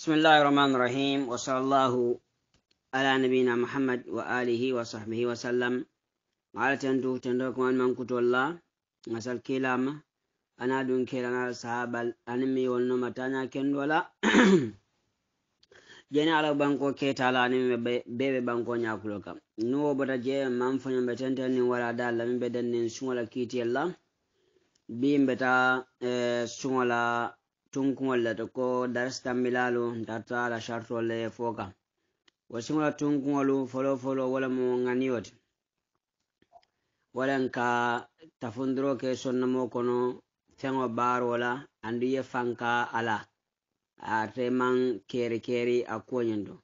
بسم الله الرحمن الرحيم وصلى الله على نبينا محمد وآله وصحبه وسلم وعلى تندو تندوكم أن منكت الله مسل كلام أنا دون كلام صحاب أنمي والنوم تانا كند ولا jeni alao banko ketala ni bebe banko ñakulo kam nuwo bota je manfoño be tenten nin wala da lamin be den nin suŋola kiitiyel la bi mbeta eh, suŋola tunkuŋol le to ko darsitanmilaalu darta la sartol le fo ka wo siŋo la tunkuŋolu folo folo wo lemu ŋaniyo ti wo leŋ ka tafunduro ke sonnomo kono feŋo baaro la andu ye fanka a la ate maŋ keeri keeri a kuwo ñiŋ to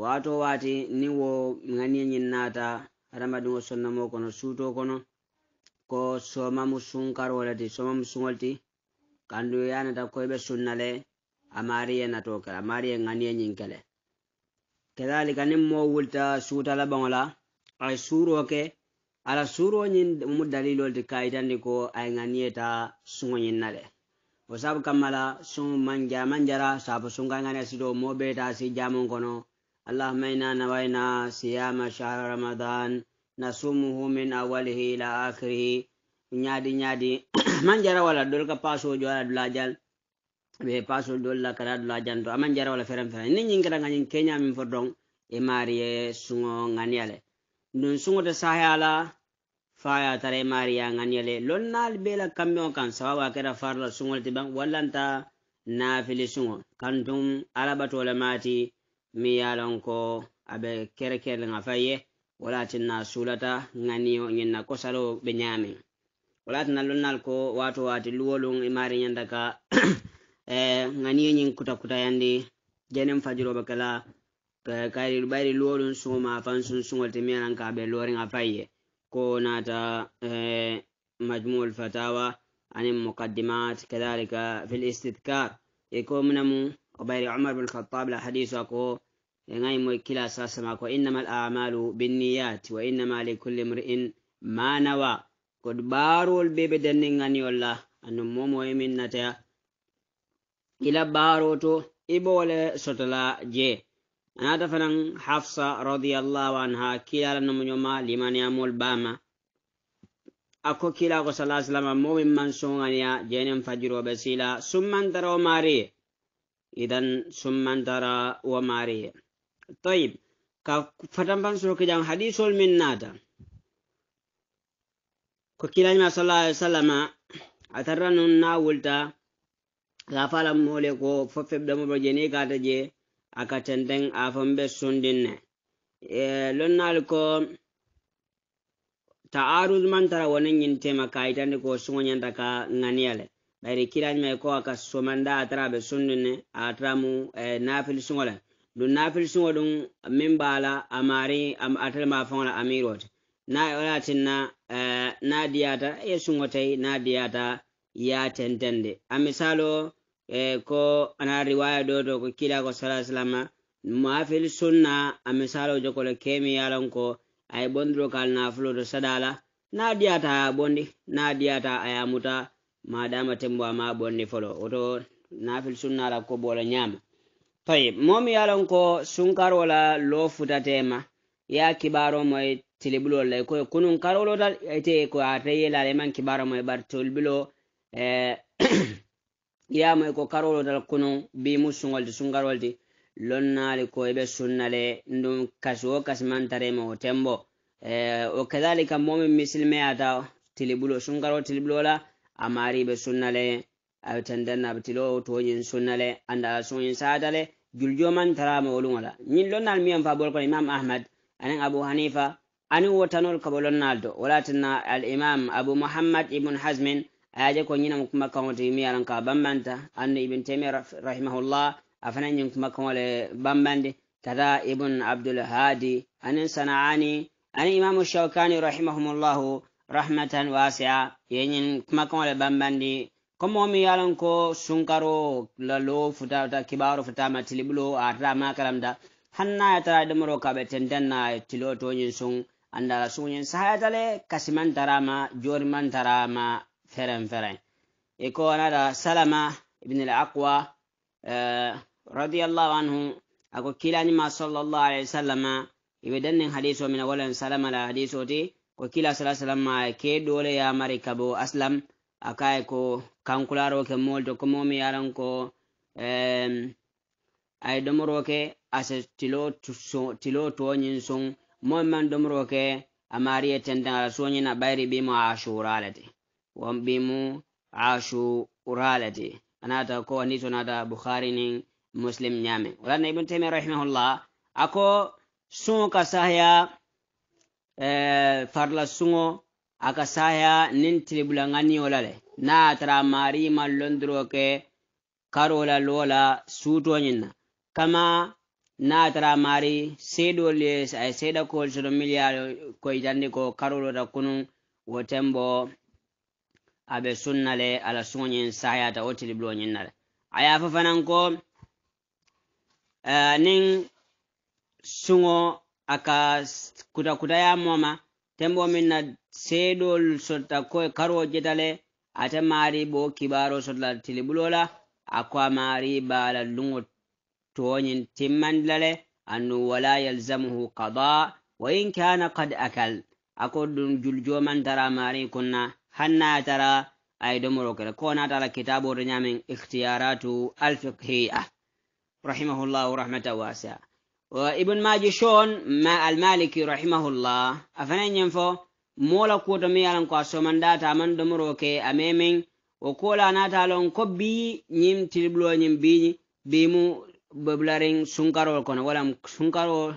waato waati niŋ wo ŋaniye ñiŋ naata hadamadiŋo sonnomo kono suuto kono ko sooma mu sunkaro le ti sooma mu suŋol ti kandu yanata koyɓe sunnale amariyenatokel amariye ganiye ñinkele kedalika nin mo wulta suutalaɓoŋola ay suuroke ala suuro ñin mu dalilol ti kayitandi ko ay ganiyeta suŋoñinnale o sabu kammala suŋ manja manjara sabu sunkaŋane sito mo ɓeta si jamon kono allahuma ina nawayna siyama shahra ramadan nasumuhu min awalihi ila akirihi ñaadi ñaadi aman jara wala dol ka pasojo ala dulajal ɓe pasol dolla kata dulajal to aman jara wala feren feren ni ñinkiranga ñin kenya min fo don e mariye sugo ganyale ɗum sugote sahala faya tara e mariya ganyale lonnal bela kamɓe o kan sababu akeɗa farla sugolti ban wallanta nafili sugo kantum alaɓatole mati mi yalon ko aɓe kerekerlenga faye wala tinna sulata ganiyo ñinna kosalo ɓe ñamin walatina lonnal ko wato wati luwolun e mari ñanda ka eh, ganiye ñin kuta kutayandi jenen fajiroɓe kala kayri ɓayri luwolun suma fan sun sugol te miyanan ka ɓe loringa fayye ko nata eh, majmuul fatawa anin muqaddimat kadalika fil l istidkar e ko minamu o umar bin khattab la hadisu a ko e ngayi moy kila sasama ko innama al amalu binniyat wa innama likulli mri'in ma nawa kod baarowol be ɓe danningani yolla annum mo moye minnata ila baaro to ibowole sotola je anata fanan hafsa radiallahu anha kilalanomo yoma limaniyamol bama akko kilako sala sallama momin man sogania jenen fajiroɓe sila summantara wo mariye idan summantara wo mariye toyib ka fatanpan sorokijan hadisol min nata ko kilañima salallah alih wa sallama atarra noon na wulta lafalamole ko fo feɓɗamoɓo je ni gata je aka tenteng afonɓe sundinne e, lonnal ko ta arud mantara wona ñintema kayitandi ko suŋoñanta ka ŋaniyale ɓayri kilañimay e ko aka somanda atara ɓe sundinne ataramu e, nafil suŋole ɗum nafil suŋo ɗum min mbala amari atalma fola amirote na olatinna uh, eh, nadiyata yesuŋotay eh, nadiyata ya tentende a misalo eh, ko ana riwaya ɗo to ko kila ko sala sallama mafil sunna a misalo jokolo kemi yalon ko ay bondiro kal nafuloto sadala na diyata aya bondi na diyata aya muta madama tembo ma bondi folo woto nafil sunna la ko bola nyama tayib momi yalon ko sunkar wala lo futatema ya kibaro moy tilibulol le koye kunun karolo dal ite ko atay lale man kibara mo e bar tolbilo ya mo ko karolo dal kunun bi musungol di sungarol di lonnali ko ebe sunnale ndum kas o kas man tare mo tembo e, o kadhalika momi misilme ata tilibulo sungaro tilibulo la amari be sunnale abtandan abtilo tojin sunnale anda sunin saatale juljo man tara mo olungala nyin lonnal miyam fa bolko imam ahmad anen abu hanifa ani wotanol kaɓolon nalto walatinna imam abu muhammad ibn hazmin ayaje ko ñina kuma kaŋo mi yalan ka bambanta anno ibn taimia rahimahullah afana ñin kuma kaŋole bambandi tada ibn abdul hadi anin sana'ani ani imamu shawkani rahimahumullahu rahmatan wasi'a yeñin kuma kaŋole bambandi komo mi yalan ko sunkaro lalo futata kibaro futama tilibulo atata makalamda hanna ya tara demoro kaɓe tenden na tilo toñin sun andala suñen sahayatale kasiman darama joriman darama feren feren iko e anada salama ibnul aqwa eh, radiallahu anhu ako kilanima sallallahu alaihi wasallama ibe dannin hadiso mina walan salama la hadiso ti ko kila sala salama ke dole ya mari kabo aslam akaye ko kankularoke molto ko momi yaran ko eh, ay domoroke ase tilo tilo toñin son moy man domro ke amariye tentangala soñina ɓayri bimo ashuralati won bimu ashuralati anata ko wandi sonata bukhari nin muslim Wala walanna Ibn taimia rahimahullah ako sun ka sahaya e, farla suŋo aka saya nin tilibulaŋaniyo la le na tara marima londiro ke karola lola sutoñin na kama natara mari seedol seeɗa kol soɗo milya koye jandi ko karolo ta kunu wotembo aɓe sunnale ala sugoñin sayata o tiliblo ñinnale aya fofanan ko nin sugo aka kuta kutaya moma tembo minna seedol sotta koye karwo jetale ate mari bo kibaro sotla tiliblola akoa mari baala lugot توين تمن لله أنه ولا يلزمه قضاء وإن كان قد أكل أقول جلجو من ترى ماري كنا هنا ترى أي دمرك كونا ترى كتاب من اختيارات الفقهية رحمه الله ورحمة واسعة وابن ماجشون ما المالكي رحمه الله أفنين ينفو مولا كوتا ميالان قاسو من داتا من دمروكي أميمين وكولا ناتا لون كبي نيم تلبلو نيم بي بيمو beblarin sunkarol kono karo sunkarol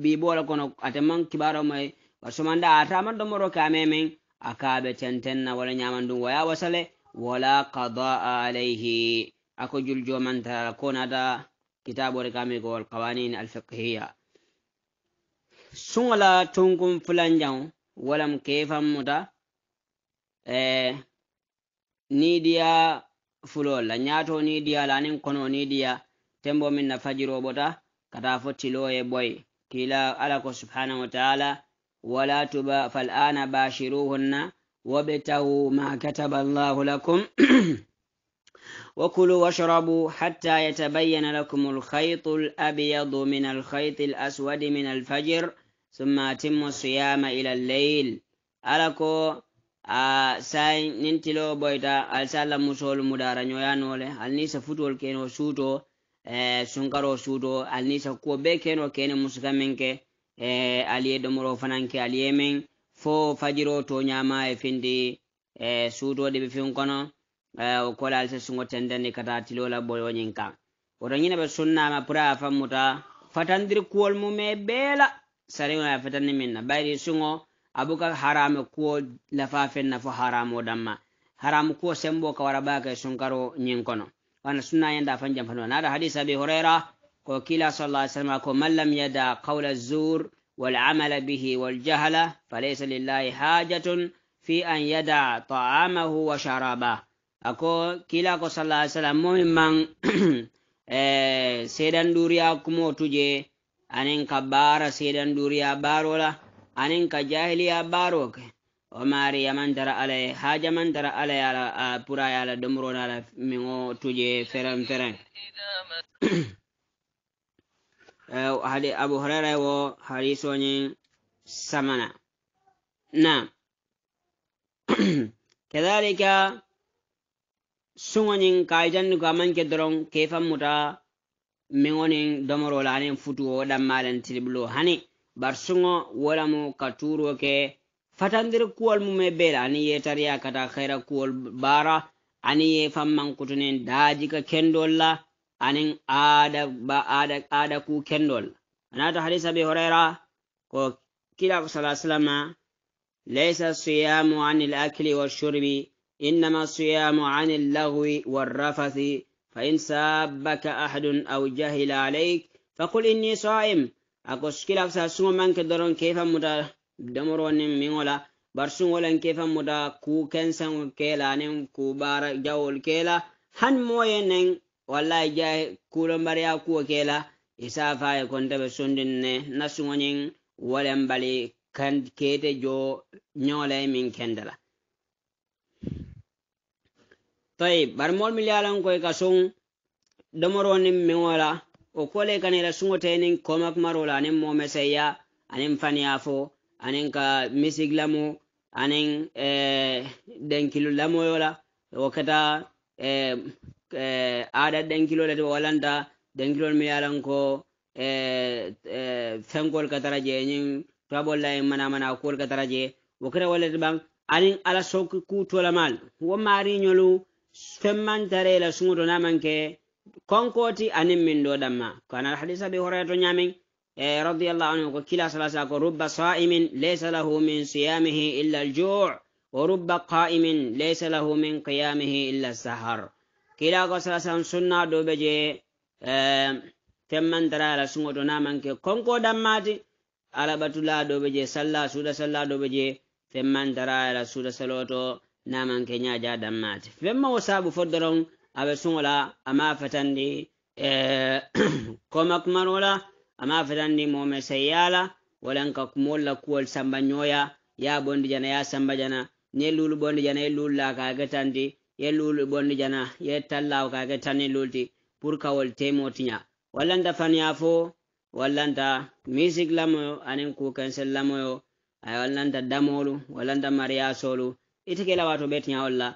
bibola kono ateman kibaro mai wasumanda ataman domoro aka min akabe na wala nyaman dum waya wasale wala qada alayhi ako juljo man ta kona da kitabo da kame ko Sun wala sungala tunkum fulanjan walam kefam muta eh nidiya fulola nyato nidiya lanin kono nidiya tembo min na fajiro bota kata fo tiloye boy kila ala ko subhanahu wa ta'ala wala tuba fal ana bashiruhunna wabtahu ma kataba Allahu lakum وكلوا واشربوا حتى يتبين لكم الخيط الأبيض من الخيط الأسود من الفجر ثم أتموا الصيام إلى الليل ألكو a sai nin tilo boyta al sala musol mudara nyoyanole al ni sa futol ken o suto Eh, sunkaro suudo alinisa kuwo be keno kene musika min ke eh, aliye domoro fananke aliye min fo fajiro to ñama e findi eh, suudo ɗe ɓe fin kono o kola alisa sungo tendendi kata tilola boyoñin kan oto ñina ɓe sunnama pura a fammuta fatandir kuwol mume beela sarino a fatanni minna bayri sungo abuka harame kuwo lafa fenna fo haramo damma haramu kuwo sembo ka wara ɓa ka e sunkaro ñin kono وأن السنة يندى فنجم فنوان هذا حديث أبي هريرة وكلا صلى الله عليه وسلم من لم يدع قول الزور والعمل به والجهل فليس لله حاجة في أن يدع طعامه وشرابه أكو كلا صلى الله عليه وسلم مهم seedan duriya kumo tuje anin ka baara seedan duriya baaro la anin ka jahiliya baaro ke wo maari yamantara alla ye haaja mantara alla ye ala a pour a ye ala domoro na la min o tuje feren feren eh, hadi abu horara wo hadisoñin samana naam kedalika suŋoñin kayi tandi ko amaŋ ke doron kei fammuta miŋo niŋ domoro la aniŋ futu wo danmalen tilibulo hani bari suŋo wo lamu ka tuuro ke fatandir kuwol mume bela ani ye tariya kata hayra kuwol bara ani ye fammankutunen daaji ka kendol la anin aada ba aada aada ku kendol anata hadis abi huraira ko kila sala sallama laysa siyamu anil akli washurbi إنما الصيام عن اللغو والرفث فإن سابك أحد أو جهل عليك فقل إني صائم أكو شكلك ساسوما من كدرون كيف مدار damoronin mingola barsungolen kefan muda ku kensan kela nin ku bara jawol kela han moye nin wallahi ja kulon bariya kuwo kela isa faye kontabe sundin ne nasungonin walen bali kete jo nyole min kendala toy bar mol milyalan koy ka sun damoronin mingola o kole kanira sungotenin komakmarola nin momeseya anin faniya fo anen ka misik lamo anen eh, denkilu lamoyola wakkata eh, eh, aɗa denkilo lati walanta denkilol mi yalan ko eh, eh, fenkol kataraje enin tabollae manamana kuol kataraje wakkata wallati ɓan anin ala sokki kutolamal wo mariyolu femmantare la sugoto namanke konkoti anin min ɗo ɗamma kanal hadisa be horeyato yamin إيه، رضي الله عنه يقول كلا صلاة يقول رب صائم ليس له من صيامه إلا الجوع ورب قائم ليس له من قيامه إلا السهر كلا صلاة سنة دوبجي إيه، تمن ترى على سنة نامن كم قد ماتي على بطلة دوبجي سلا سودة سلا دوبجي تمن ترى على سودة سلوتو نامن كنيا جا دماتي فما وسابو فدرون أبسون أما فتندي كم أكمل ولا ama fetandi momen sey yaala walan ka kumol la kuwol samba ñooya ya bondi jana ya samba jana ne luulu bondi jana ye luulu la kaage tandi ye luulu bondi jana ye tallaw kaage tanni luulti pur kawol temotiña wallanta faniya fo wallanta misik lamoyo anin kukensel lamoyo aya wallanta damolu wallanta mariyasolu itikela wato ɓe tiñawol la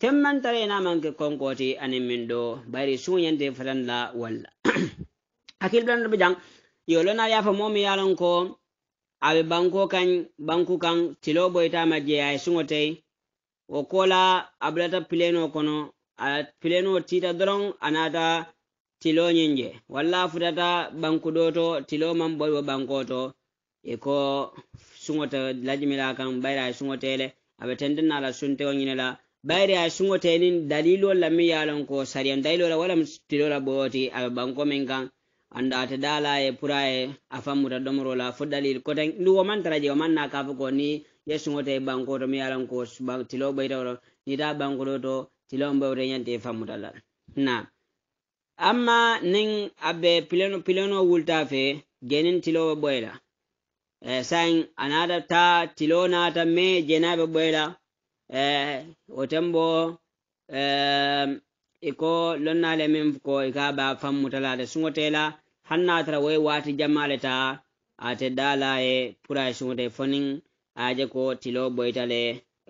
temmantare ena manke konkoti anin min ɗo bayri suñante fatan la walla hakkil ɓelanɗoɓe jang yo lon a yafa momi yalon ko a ɓe banko kan banku kan tilo boyitama je a sugotey o kola a ɓilata pileno kono a pileno tita doron a nata tiloñinje walla a futata banku ɗo to tilo man boyiɓo banko to e ko sugote lajimila kan ɓayre a sugotele aɓe tendenala sunteo ñinela ɓayre a sugotenin dalilol lammi yalon ko sariyan dalilola walam tilola ɓooti aɓe banko min kan annda te dalaye pura ye a famuta domorola fo dalil kote ndu womantara je womanna kafo ko ni yesugote banko to mi yalanko tilo ɓaytawro nita bankoɗo to tilo ɓewte ñante famutala na amma nin abbe pileno wulta fe genin tilowe ɓoyla eh, sain anata ta tilo nata me jenaɓe ɓoyla eh, otembo eh, iko lonnale min ko ika ba famutalade sugotela hanna tara woy waati jammaale ta ate daalaye pura sunte fonin aje ko tilo boytale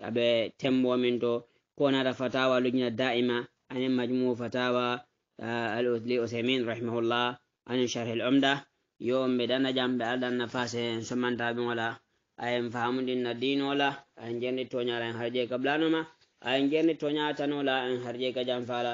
aɓe temmomin to konata fatawa lujina daima ani majmu fatawa uh, li usamin rahimahullah ani sharhel omda yo ɓe dana jam ɓe aɗan na fase hen sommantaɓeola ayen famudin na dinola ayen jerni toñala en harje ka blanoma ayen jerni toñatanola en harje ka jam fala